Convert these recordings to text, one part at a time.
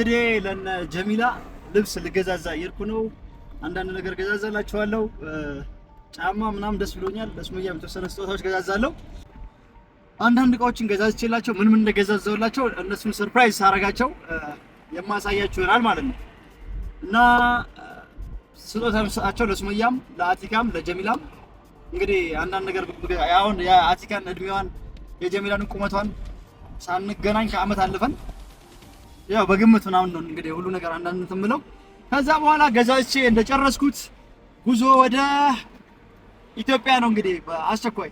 እንግዲህ ለነ ጀሚላ ልብስ ልገዛዛ እየሄድኩ ነው። አንዳንድ ነገር ገዛዛላችኋለሁ። ጫማ ምናምን ደስ ብሎኛል። ለሱመያ የተወሰነ ስጦታዎች ገዛዛለሁ። አንዳንድ እቃዎችን ገዛዝቼላቸው ምን ምን እንደገዛዘውላቸው እነሱን ሰርፕራይዝ ሳረጋቸው የማሳያችሁ ይሆናል ማለት ነው። እና ስጦታ የምሰጣቸው ለሱመያም፣ ለአቲካም፣ ለጀሚላም እንግዲህ አንዳንድ ነገር አሁን የአቲካን እድሜዋን የጀሚላን ቁመቷን ሳንገናኝ ከአመት አልፈን ያው በግምት ምናምን ነው እንግዲህ ሁሉ ነገር አንዳንድ እንትን ብለው ከዛ በኋላ ገዛቼ እንደጨረስኩት ጉዞ ወደ ኢትዮጵያ ነው እንግዲህ በአስቸኳይ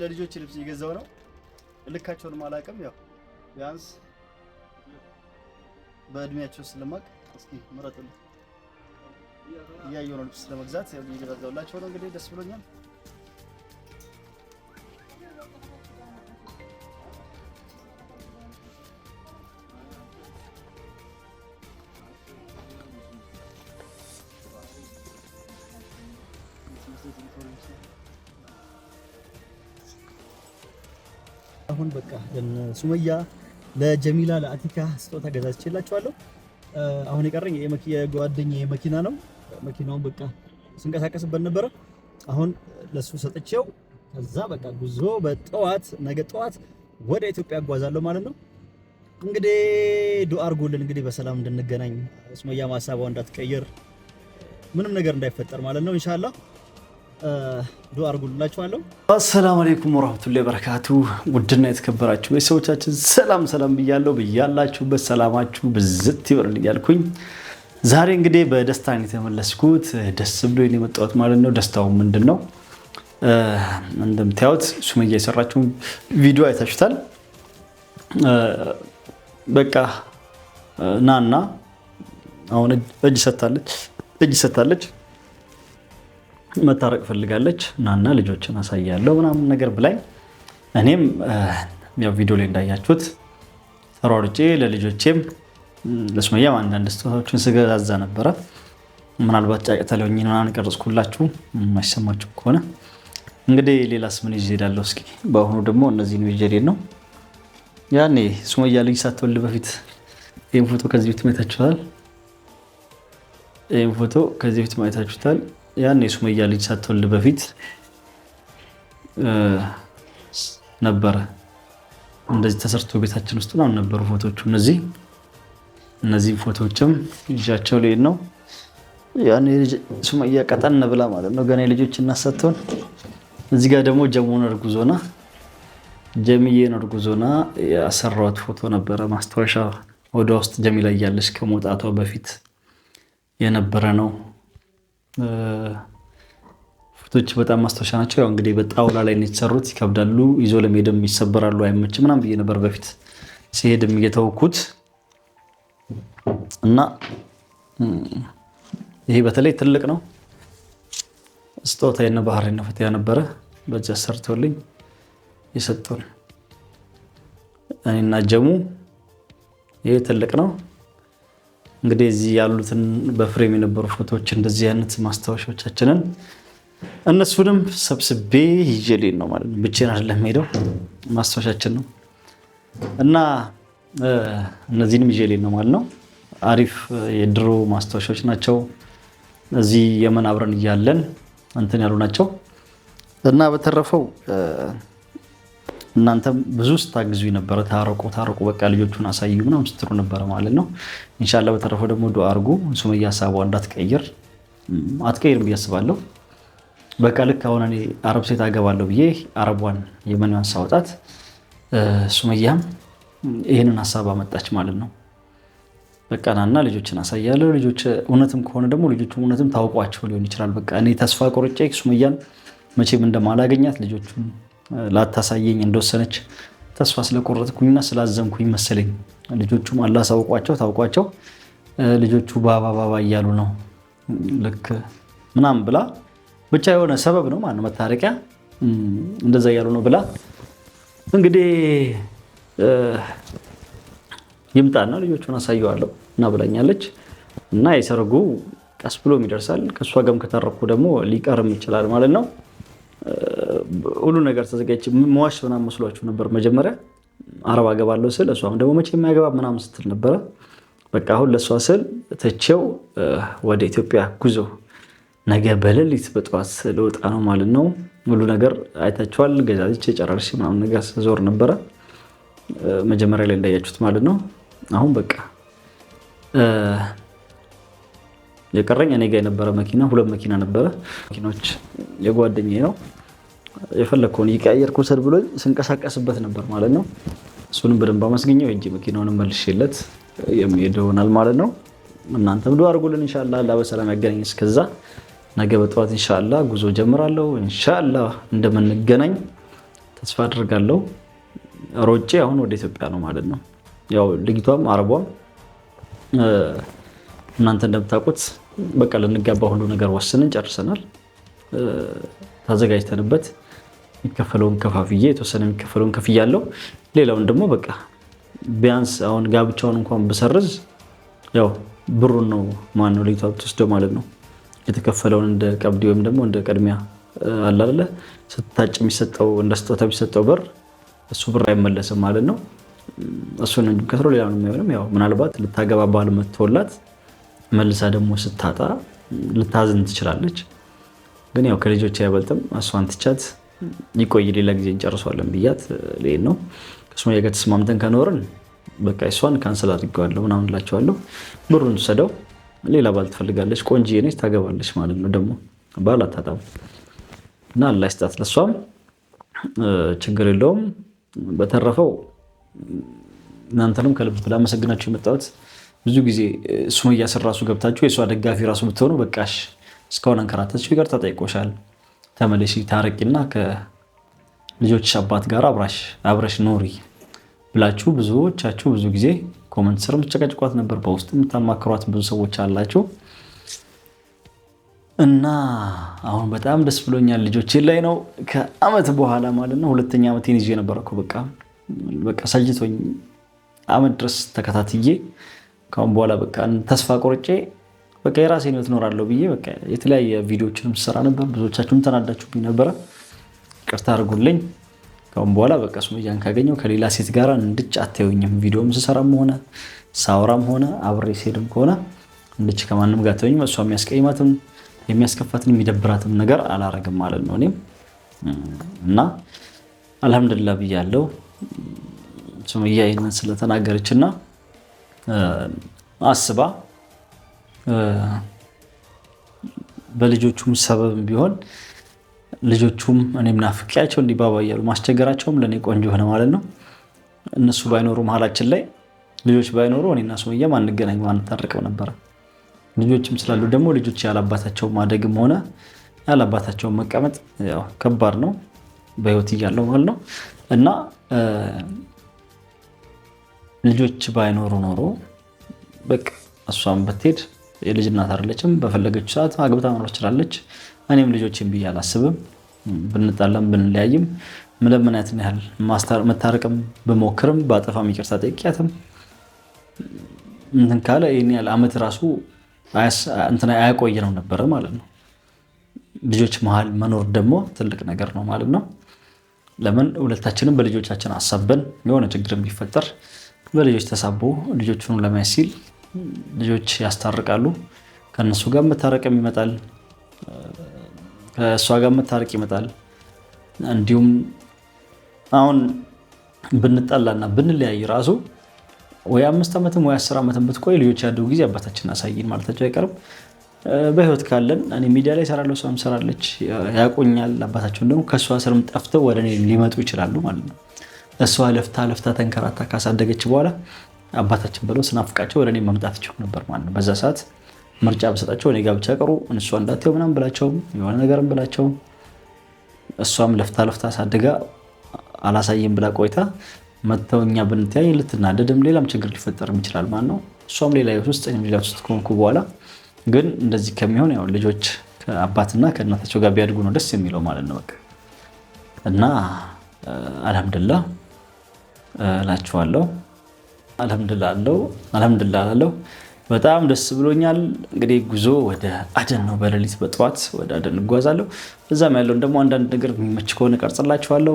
ለልጆች ልብስ እየገዛው ነው። ልካቸውንም አላውቅም። ያው ቢያንስ በእድሜያቸው ስለማቅ እስኪ ምረጥልኝ እያየሁ ነው። ልብስ ለመግዛት እየገዛሁላቸው ነው። እንግዲህ ደስ ብሎኛል። አሁን በቃ ሱመያ ለጀሚላ ለአቲካ ስጦታ ገዛችላችኋለሁ። አሁን የቀረኝ የጓደኛ መኪና ነው። መኪናውን በቃ ስንቀሳቀስበት ነበረ። አሁን ለሱ ሰጥቼው ከዛ በቃ ጉዞ በጠዋት ነገ ጠዋት ወደ ኢትዮጵያ እጓዛለሁ ማለት ነው። እንግዲህ ዱአ አርጎልን እንግዲህ በሰላም እንድንገናኝ ሱመያ ማሳቧ እንዳትቀይር ምንም ነገር እንዳይፈጠር ማለት ነው ኢንሻአላህ ዱ አርጉላችኋለሁ። አሰላሙ አለይኩም ወራህመቱላሂ በረካቱ። ውድና የተከበራችሁ ቤተሰቦቻችን ሰላም ሰላም ብያለሁ። ብያላችሁበት ሰላማችሁ ብዝት ይበርልኝ እያልኩኝ ዛሬ እንግዲህ በደስታ የተመለስኩት ደስ ብሎ የመጣሁት ማለት ነው። ደስታው ምንድን ነው? እንደምታዩት ሱመያ የሰራችውን ቪዲዮ አይታችሁታል። በቃ ናና አሁን እጅ ሰጥታለች፣ እጅ ሰጥታለች መታረቅ ፈልጋለች እናና ልጆችን አሳያለሁ ምናምን ነገር ብላኝ እኔም ያው ቪዲዮ ላይ እንዳያችሁት ተሯሩጬ ለልጆቼም ለሱመያም አንዳንድ ስጦታዎችን ስገዛዛ ነበረ። ምናልባት ጫቅታ ለኝ ምናምን ቀረጽኩላችሁ የማይሰማችሁ ከሆነ እንግዲህ ሌላስ ምን ይዤ እሄዳለሁ? እስኪ በአሁኑ ደግሞ እነዚህ ንጀዴን ነው። ያኔ ሱመያ ልጅ ሳትወልድ በፊት ይህም ፎቶ ከዚህ በፊት ማየታችሁታል። ይህም ፎቶ ከዚህ በፊት ማየታችሁታል። ያን የሱመያ ልጅ ሳትወልድ በፊት ነበረ እንደዚህ ተሰርቶ ቤታችን ውስጥ ምናምን ነበሩ ፎቶቹ። እነዚህ እነዚህ ፎቶዎችም ልጃቸው ልሄድ ነው። ያን ሱመያ ቀጠን ብላ ማለት ነው ገና የልጆች እናሳትሆን። እዚህ ጋር ደግሞ ጀሙን እርጉዞና ጀሚዬን እርጉዞና ያሰራኋት ፎቶ ነበረ ማስታወሻ ወደ ውስጥ ጀሚላ እያለች ከመውጣቷ በፊት የነበረ ነው። ፎቶች በጣም ማስታወሻ ናቸው። ያው እንግዲህ በጣውላ ላይ የተሰሩት። ይከብዳሉ፣ ይዞ ለመሄድም ይሰበራሉ፣ አይመች ምናም ብዬ ነበር በፊት ሲሄድም እየተወኩት እና ይሄ በተለይ ትልቅ ነው። ስጦታዬና ባህሬን ፈትያ ነበረ በዚያ ሰርተውልኝ የሰጡን እኔና ጀሙ። ይሄ ትልቅ ነው። እንግዲህ እዚህ ያሉትን በፍሬም የነበሩ ፎቶዎች እንደዚህ አይነት ማስታወሻዎቻችንን እነሱንም ሰብስቤ ይዤ ነው ማለት ነው። ብቼን አይደለም ሄደው ማስታወሻችን ነው እና እነዚህንም ይዤ ነው ማለት ነው። አሪፍ የድሮ ማስታወሻዎች ናቸው። እዚህ የመን አብረን እያለን እንትን ያሉ ናቸው እና በተረፈው እናንተም ብዙ ስታግዙ ነበረ። ታረቁ ታረቁ፣ በቃ ልጆቹን አሳዩ ምናምን ስትሩ ነበረ ማለት ነው። እንሻላ በተረፈ ደግሞ ዱ አርጉ ሱመያ ሀሳቧ እንዳትቀይር አትቀይርም ብዬ አስባለሁ። በቃ ልክ አሁን እኔ አረብ ሴት አገባለሁ ብዬ አረቧን የመንዋን ሳወጣት ሱመያም ይህንን ሀሳብ አመጣች ማለት ነው። በቃ ናና ልጆችን አሳያለሁ። ልጆች እውነትም ከሆነ ደግሞ ልጆቹ እውነትም ታውቋቸው ሊሆን ይችላል። በቃ እኔ ተስፋ ቆርጬ ሱመያን መቼም እንደማላገኛት ልጆቹን ላታሳየኝ እንደወሰነች ተስፋ ስለቆረጥኩኝና ስላዘንኩኝ መሰለኝ። ልጆቹም አላሳውቋቸው ታውቋቸው ልጆቹ ባባ ባባ እያሉ ነው ልክ ምናምን ብላ ብቻ የሆነ ሰበብ ነው ማነው መታረቂያ እንደዛ እያሉ ነው ብላ እንግዲህ ይምጣና ልጆቹን አሳየዋለሁ እና ብላኛለች። እና የሰርጉ ቀስ ብሎም ይደርሳል። ከእሷ ጋርም ከታረኩ ደግሞ ሊቀርም ይችላል ማለት ነው። ሁሉ ነገር ተዘጋጅ መዋሽ ምናም መስሏችሁ ነበር መጀመሪያ አረብ አገባለሁ ስል እሷም ደግሞ መቼ የሚያገባ ምናምን ስትል ነበረ። በቃ አሁን ለእሷ ስል ትቼው ወደ ኢትዮጵያ ጉዞ ነገ በሌሊት በጠዋት ልወጣ ነው ማለት ነው። ሙሉ ነገር አይታችኋል። ገዛዝቼ ጨራርሽ ምናምን ነገር ስዞር ነበረ መጀመሪያ ላይ እንዳያችሁት ማለት ነው። አሁን በቃ የቀረኝ እኔ ጋ የነበረ መኪና ሁለት መኪና ነበረ። መኪኖች የጓደኛ ነው የፈለግከውን እየቀያየርኩ ውሰድ ብሎ ስንቀሳቀስበት ነበር ማለት ነው። እሱንም በደንብ አመስግኘው የእጅ መኪናውንም መልሼለት የሚሄድ ይሆናል ማለት ነው። እናንተም ዱ አድርጉልን እንሻላ አላህ በሰላም ያገናኝ። እስከዛ ነገ በጠዋት እንሻላ ጉዞ ጀምራለሁ። እንሻላ እንደምንገናኝ ተስፋ አድርጋለሁ። ሮጬ አሁን ወደ ኢትዮጵያ ነው ማለት ነው። ያው ልጅቷም አረቧም እናንተ እንደምታውቁት በቃ ልንጋባ ሁሉ ነገር ወስንን ጨርሰናል፣ ተዘጋጅተንበት የሚከፈለውን ከፋፍዬ የተወሰነ የሚከፈለውን ከፍያለሁ። ሌላውን ደግሞ በቃ ቢያንስ አሁን ጋብቻውን እንኳን ብሰርዝ ያው ብሩን ነው ማነው ልጅቷ ብትወስደው ማለት ነው። የተከፈለውን እንደ ቀብድ ወይም ደግሞ እንደ ቅድሚያ አላለ ስትታጭ የሚሰጠው እንደ ስጦታ የሚሰጠው በር እሱ ብር አይመለስም ማለት ነው። እሱን እንጂ ከስሮ ሌላ ነው የሚሆንም። ያው ምናልባት ልታገባ ባል መጥቶላት መልሳ ደግሞ ስታጣ ልታዝን ትችላለች። ግን ያው ከልጆች አይበልጥም። እሷን ትቻት ይቆይ ሌላ ጊዜ እንጨርሷለን ብያት ልሄድ ነው። ከሱመያ ጋር ተስማምተን ከኖርን በቃ እሷን ካንስል አድርገዋለሁ ምናምን እላቸዋለሁ። ብሩን ሰደው ሌላ ባል ትፈልጋለች፣ ቆንጂ ነች፣ ታገባለች ማለት ነው። ደግሞ ባል አታጣም እና አላህ ይስጣት። ለእሷም ችግር የለውም። በተረፈው እናንተንም ከልብ ላመሰግናችሁ የመጣሁት ብዙ ጊዜ ሱመያ ስር ራሱ ገብታችሁ የእሷ ደጋፊ ራሱ ብትሆኑ በቃሽ እስካሁን አንከራተችሁ ይቅርታ ጠይቆሻል ተመለሽ ታረቂና ከልጆች አባት ጋር አብራሽ አብረሽ ኖሪ ብላችሁ ብዙዎቻችሁ ብዙ ጊዜ ኮመንት ስር የምትጨቀጭቋት ነበር። በውስጥ የምታማክሯት ብዙ ሰዎች አላችሁ እና አሁን በጣም ደስ ብሎኛል። ልጆች ላይ ነው ከአመት በኋላ ማለት ነው። ሁለተኛ ዓመቴን ይዤ ነበር እኮ በቃ በቃ ሰጅቶኝ አመት ድረስ ተከታትዬ ከአሁን በኋላ በቃ ተስፋ ቆርጬ በቃ የራሴን ህይወት እኖራለሁ ብዬ በቃ የተለያየ ቪዲዮዎችንም ስሰራ ነበር። ብዙዎቻችሁም ተናዳችሁብኝ ነበረ። ቅርታ አድርጉልኝ። ከሁን በኋላ በቃ ሱመያን ካገኘው ከሌላ ሴት ጋር እንድች አታዩኝም። ቪዲዮም ስሰራም ሆነ ሳውራም ሆነ አብሬ ስሄድም ከሆነ እንድች ከማንም ጋር አታዩኝም። እሷ የሚያስቀይማትም የሚያስከፋትን የሚደብራትም ነገር አላረግም ማለት ነው። እኔም እና አልሐምዱሊላህ ብያለሁ። ሱመያ ይህንን ስለተናገረች እና አስባ በልጆቹም ሰበብ ቢሆን ልጆቹም እኔም ናፍቄያቸው እንዲባባ እያሉ ማስቸገራቸውም ለእኔ ቆንጆ ሆነ ማለት ነው። እነሱ ባይኖሩ መሀላችን ላይ ልጆች ባይኖሩ እኔና ሱመያም አንገናኝ አንታርቅም ነበረ። ልጆችም ስላሉ ደግሞ ልጆች ያላባታቸው ማደግም ሆነ ያለአባታቸው መቀመጥ ያው ከባድ ነው፣ በህይወት እያለው ማለት ነው እና ልጆች ባይኖሩ ኖሮ በቃ እሷም ብትሄድ የልጅ እናት አይደለችም። በፈለገችው ሰዓት አግብታ መኖር ትችላለች። እኔም ልጆችን ብዬ አላስብም። ብንጣላም ብንለያይም ምለምናትን ያህል መታረቅም ብሞክርም በአጠፋም ይቅርታ ጠይቂያትም እንትን ካለ ይህን ያህል አመት ራሱ እንትን አያቆየ ነው ነበረ ማለት ነው። ልጆች መሀል መኖር ደግሞ ትልቅ ነገር ነው ማለት ነው። ለምን ሁለታችንም በልጆቻችን አሳበን የሆነ ችግር ቢፈጠር በልጆች ተሳቦ ልጆቹን ለማየት ሲል ልጆች ያስታርቃሉ። ከእነሱ ጋር መታረቅም ይመጣል፣ ከእሷ ጋር መታረቅ ይመጣል። እንዲሁም አሁን ብንጠላና ብንለያይ ራሱ ወይ አምስት ዓመትም ወይ አስር ዓመትም ብትቆይ ልጆች ያደጉ ጊዜ አባታችን አሳይን ማለታቸው አይቀርም። በህይወት ካለን እኔ ሚዲያ ላይ እሰራለሁ፣ እሷም ሰራለች፣ ያቆኛል። አባታቸውን ደግሞ ከእሷ ስርም ጠፍተው ወደ እኔ ሊመጡ ይችላሉ ማለት ነው። እሷ ለፍታ ለፍታ ተንከራታ ካሳደገች በኋላ አባታችን ብለው ስናፍቃቸው ወደ እኔ መምጣት ይችሉ ነበር ማለት ነው። በዛ ሰዓት ምርጫ ብሰጣቸው እኔ ጋብቻ ቀሩ። እሷ እንዳትየው ምናም ብላቸውም የሆነ ነገርም ብላቸውም እሷም ለፍታ ለፍታ ሳድጋ አላሳየም ብላ ቆይታ መጥተው እኛ ብንተያይ ልትናደድም ሌላም ችግር ሊፈጠርም ይችላል ማለት ነው። እሷም ሌላ ሕይወት ውስጥ እኔም ሌላ ውስጥ ከሆንኩ በኋላ ግን እንደዚህ ከሚሆን ያው ልጆች ከአባትና ከእናታቸው ጋር ቢያድጉ ነው ደስ የሚለው ማለት ነው። በቃ እና አልሐምድላ እላችኋለሁ። አልሐምድላለው አልሐምድላለው በጣም ደስ ብሎኛል። እንግዲህ ጉዞ ወደ አደን ነው። በሌሊት በጠዋት ወደ አደን እጓዛለሁ። እዛም ያለውን ደግሞ አንዳንድ ነገር የሚመች ከሆነ ቀርጽላችኋለሁ።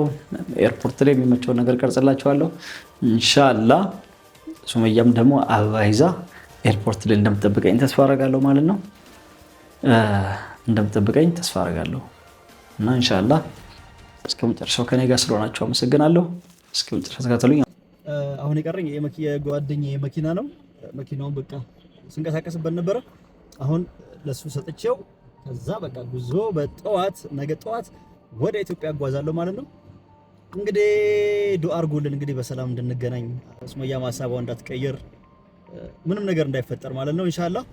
ኤርፖርት ላይ የሚመቸውን ነገር ቀርጽላችኋለሁ እንሻላ። ሱመያም ደግሞ አበባ ይዛ ኤርፖርት ላይ እንደምጠብቀኝ ተስፋ አረጋለሁ ማለት ነው። እንደምጠብቀኝ ተስፋ አረጋለሁ እና እንሻላ እስከ መጨረሻው ከኔ ጋር ስለሆናችሁ አመሰግናለሁ። እስከ መጨረሻ ተከተሉኝ። አሁን የቀረኝ የጓደኛዬ መኪና ነው። መኪናውን በቃ ስንቀሳቀስበት ነበረ። አሁን ለሱ ሰጥቼው ከዛ በቃ ጉዞ በጠዋት ነገ ጠዋት ወደ ኢትዮጵያ እጓዛለሁ ማለት ነው። እንግዲህ ዱአ አድርጉልን እንግዲህ በሰላም እንድንገናኝ ሱመያ ማሳቧ እንዳትቀይር ምንም ነገር እንዳይፈጠር ማለት ነው ኢንሻአላህ።